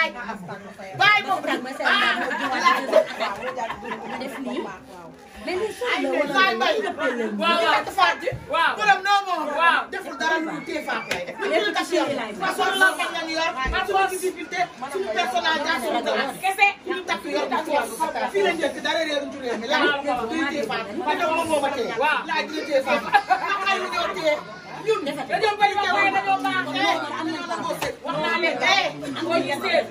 baay baay boobu nag ah def nii mais ni suul la wala baay baay waaw waaw faati waaw borom noo moom waaw deful dara lu ñu téye faat lay def lépp tax yow façon la ko ñan yor suñu difficulté suñu personnage ak suñu dara kese suñu takk yor bu tuwaat fii la njëkk dara réeru ci réew mi laa duy téye faat ma dem moom moo ma téye laa dina téye faat ma xarit ñoo téye ñun dañoo bëri dañoo baax am na ko wax naa laay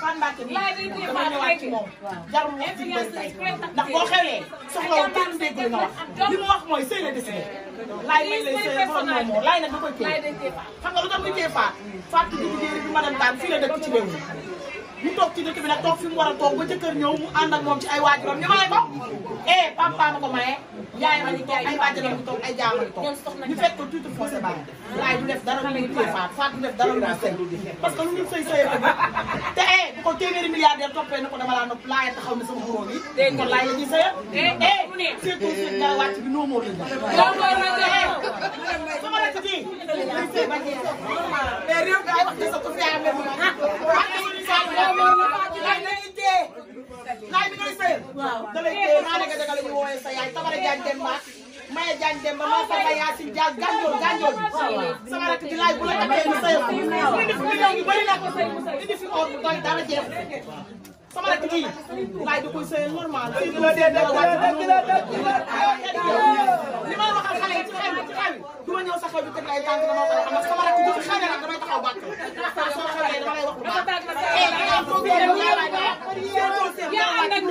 fan Mbacke bi dafa ñëwaat ci moom jarul wax ci bés tey ndax boo xewlee soxla wu kenn déggul nga wax li mu wax mooy sëy la décidé laay may lay sëy borom moom moo laay nag da koy téye xam nga lu tax ñu téye faat faat bi jigéen bi madame Tane fii la dëkk ci réew mi mu toog ci dëkk bi nag toog fi mu war a toog ba jëkkër ñëw mu ànd ak moom ci ay waajuram ñu may ko eh papa ma ko maye yaay ma ni toog ay bàjjanam toog ay jaamali toog ñu fekk ko tuuti foncé bàyyi yaay du def dara lu muy faat faat du def dara lu muy sëy parce que lu muy sëy sëy la te eh bu ko téeméeri milliardaire toppee na ko dama laa nopp laaya taxaw ne sama xuróom yi kon laay la ñuy sëyal eh, eh, eh surtout seen dara wàcc bi noo moo lañ eh, sama rek ci mais réew mi ay wax ne sa ko fi ay waaw dalay téye maa nekk dëgg la ñu woowee sa yaay Sabara Diagne Demba Maye Diagne Demba maa sama Yacine Diagne gànjool gànjool sama rakk di laaj bu la takkee mu sëy ko indi fi million yu bëri nag indi fi or bu doy dara jeex sama rakk kii laaj du koy sëy normal li ma la waxal xale yi ci xel ci xel du ma ñëw sa xel bi teg ay tànk dama koy amal sama rakk du fi xale nag damay taxaw bàkk soo xale dama lay wax bu baax eh,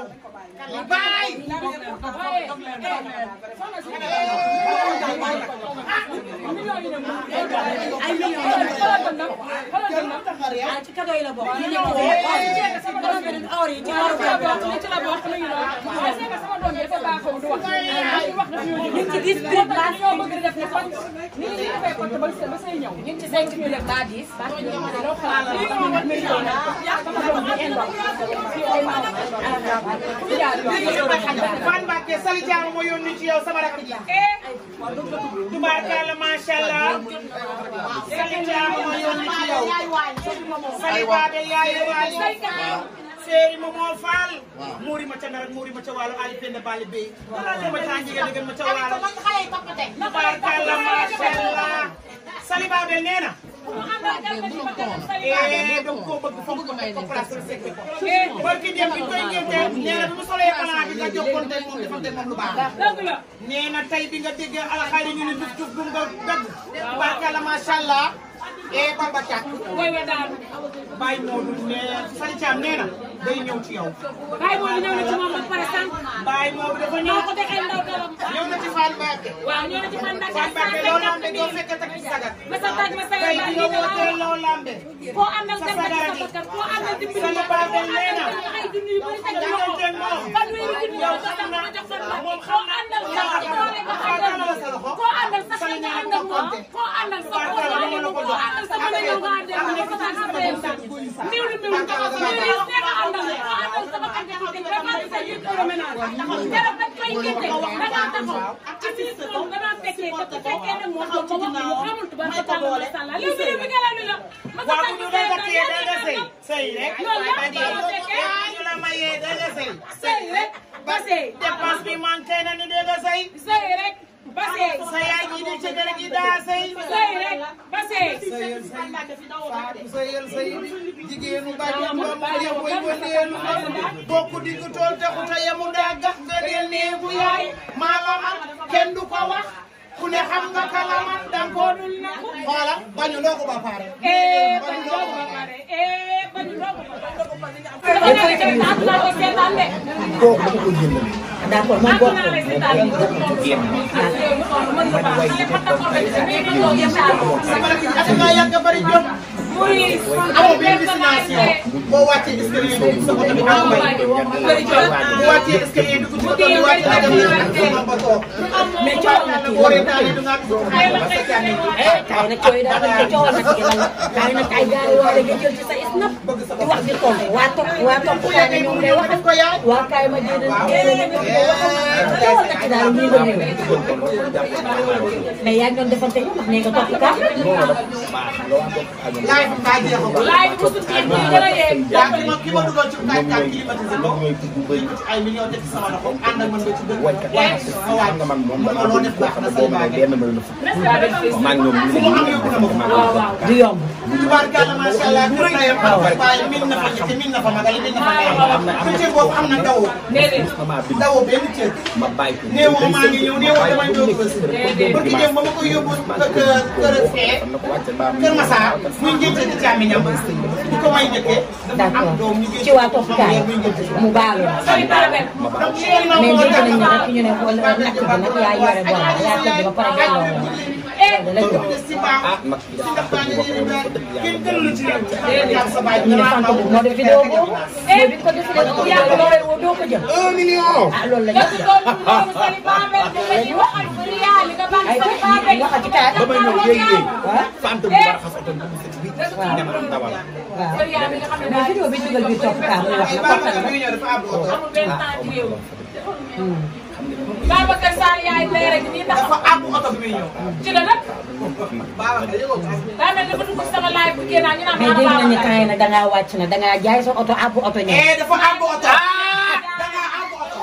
baay ay million ay ci cadeau yi la bokk yi ci la bokk lañu sama doom bi dafa baaxoo du wax ñu ci 10 bi ba ñoo bëgg def ni kon ni ñu defee kon ba say ñëw ñu ci 5 million ba 10 ba ñu Fan Mbacke Sali Diallo moo yónni ci yow sama rakk Sali Diallo moo yónni Sali Babe yaay waay. Séeri faal. muuri ma ca Ndar ak muuri ma ca Sali Babe nee dam koo bëgg fonk ko teg ko place dagg barka la macha e Bamba Càkk booy we daanu Baye Modou ne Sali Thiam nee na day ñëw ci yow Baye Modou ñëw na ci moom ba pare sànq Baye Modou dafa ñëw ko dexee ndaw doom ñëw na ci Fall Mbacké waaw ñëw na ci Fall Mbacké loolu am de doo fekk takk sagar ma sa tàgg ma sagar ba ñu wootee loolu am de ko am na dem ba ci sa ko am na dimbali sama baabel nee na ay junni yu bari teg loxo fan wéeru junni yow sax ma jox fan ba ko àndal sax doole nga àndal ko àndal sax nga àndal ko àndal sax àndal sa mën a ñëw nga àndal ko dafa tax xamé niw lu niw ko ko niw ko àndal ko àndal sama xamé xam nga dafa sa yëpp ko ménal dara fa koy gëté da nga taxaw ak ci sa ko da nga féké ko féké na mo ko ko mo xamul tu ban ko boole li bi bi gala ni la ma ko ñu da nga té da nga sey sey rek ba di ñu la mayé da nga sey sey rek ba sey dépense bi manqué na ñu da nga sey sey rek basey sa yaay ji di ci kër gi daa sëy sëy rek basey sëyal sëy sëyal sëy jigéenu bàjjan doom yow koy wëndeelu daa gax yaay maa la kenn du ko wax ku ne xam nga kala man danga koo dul na bañu doo ba pare bañu doo ba pare bañu doo ba pare d'accord moom boo ko. amoo benn destination boo wàccee escalier bi sa bopp bi am mbay bu wàccee escalier bi dugg ci boppam bi wàcc naa dem sama ba toog mais coow na boo reetaanee da ngaa dugg sa cànni kaay nag coow daa bëgg coow na ci lan kaay nag ay gaay wax da nga jël ci sa snap di wax di toll waa topp waa topp kaa ne ñoom lay wax waa kaay ma jënd ci daal nii la ñëw mais yaa ngi doon defante ñu ndax nee nga topp kaa bi kaa jeexagul. laay bi mosul kii bi gën a yeeg. ki ma ki ma dugal ci kaay kaay climatisé ko. ci ay million def ci sama loxo ànd ak man ba ci dëkk. waaye ma waaj ma ma loo def baax na say baa ngeen. maa ngi ñoom ñu ngi leen di yomb. tubaarkàlla macha allah ñu rëy a waaye mil na fa ñetti mil na fa magal mil na fa magal. cër boobu am na dawoo. dawoo benn cër. néewoo maa ngi ñëw néewoo damay ñëw ba si. ba ki dem ba ma koy yóbbu kër Kër Masaar muy njëkk seen i càmmiñam ñu ko way njëkkee dafa am doom ñu ci waa toppikaay mu baalu mais dégg nañu nag ñu ne wala lakk bi nag yaa yore bon yaa tëdd ba pare delloo la ah, ah, ah. eh, loolu eh, ñu ne sant bu moo def vidéo boobu eh, mais bi ko defee dafa yàgg looy woo doo ko jël un million ah loolu la ñu ay waxati kaay ba may ñëw léegi léegi sant bu baax waaw waaw mais vidéo bi dugal biir topp kaa muy wax la portal la Babacar Sall yaay leer ak ñi tax. dafa àgg oto bi muy ñëw. ci la nag. daa mel ne ba dugg sama laay bu génnaa ñu naan. mais dégg nañu temps yii nag da ngaa wàcc na da ngaa jaay sa oto àgg oto ñëw. Eh, dafa àgg oto. Ah! da ngaa àgg oto.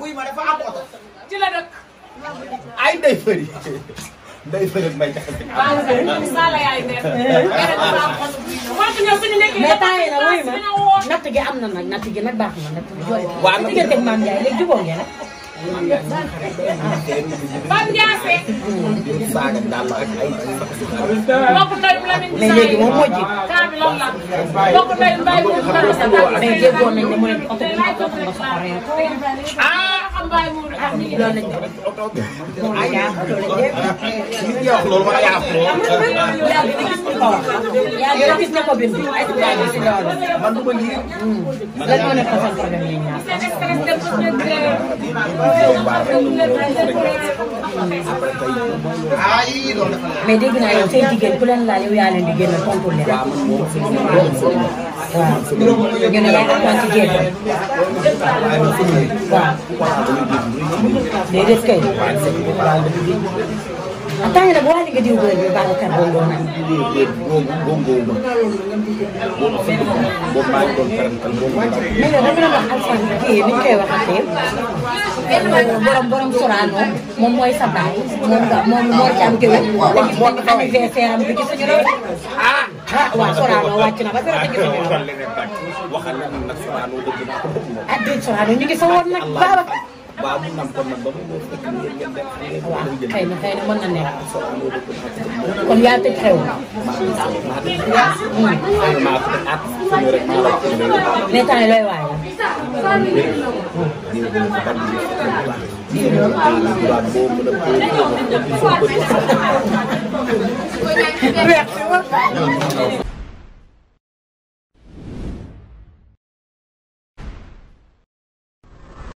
wuy ma dafa àgg oto. ci la nag. ay day fëri. day fërëg may jaxase. waaw kay saa la yaay def. mais temps yii nag mooy ma natt gi am na nag natt gi nag baax na nag. waaw nag diggante ak Mame Ndiaye léegi jubóo ngeen Mame Ndiaye fekk. saaga daal ak ay. mbokk tayum la mais léegi moom moo ji. kaa bi loolu la. mbokk tayum bàyyi mu ngi ko. mais jéegoon nañ ne mu ne oto bi nga ah, xam nga soxla loolu lañ doon. ah yaa xam loolu lañ def. yaa xam loolu wala yaa xam loolu. yaa ngi gis ñu ko wax. yaa ngi gis ñu ko bind. ay yaa ngi gis loolu. man du ma lii. lan moo nekk seen problème yi ñaar. mais dégg naa yow say jigéen ku leen laal yow yaa leen di génn tontu leen. waaw ñu ne laaj am ci jéem waaw. déedéet kay. attaque nag wax dëgg diw bi Babacar Bongo nag. Bongo Bongo. boobu maa ngi doon parental Bongo. mais nag dama doon wax Alphane kii ni ñu koy waxatee. borom borom Sorano moom mooy sa baay moom nga moom moo ci am géwél. waaw waaw waaw dañuy anniversaire am bi ci suñu réew. ah waaw Sorano wàcc na ba dara dañu fi ñëw waxal nañu nag Sorano dëgg na. ah déet Sorano ñu ngi sa woon nag Babacar. waaw mun na am kon nag ba mu mën a indi ngeen dem ngeen. waaw xëy na xëy na mën na nekk. kon yaa tëj xew. maa ngi tëj maa ngi tëj. maa ngi tëj at. suñu rek maa ngi tëj loolu. mais temps yi looy waay la. Thank you.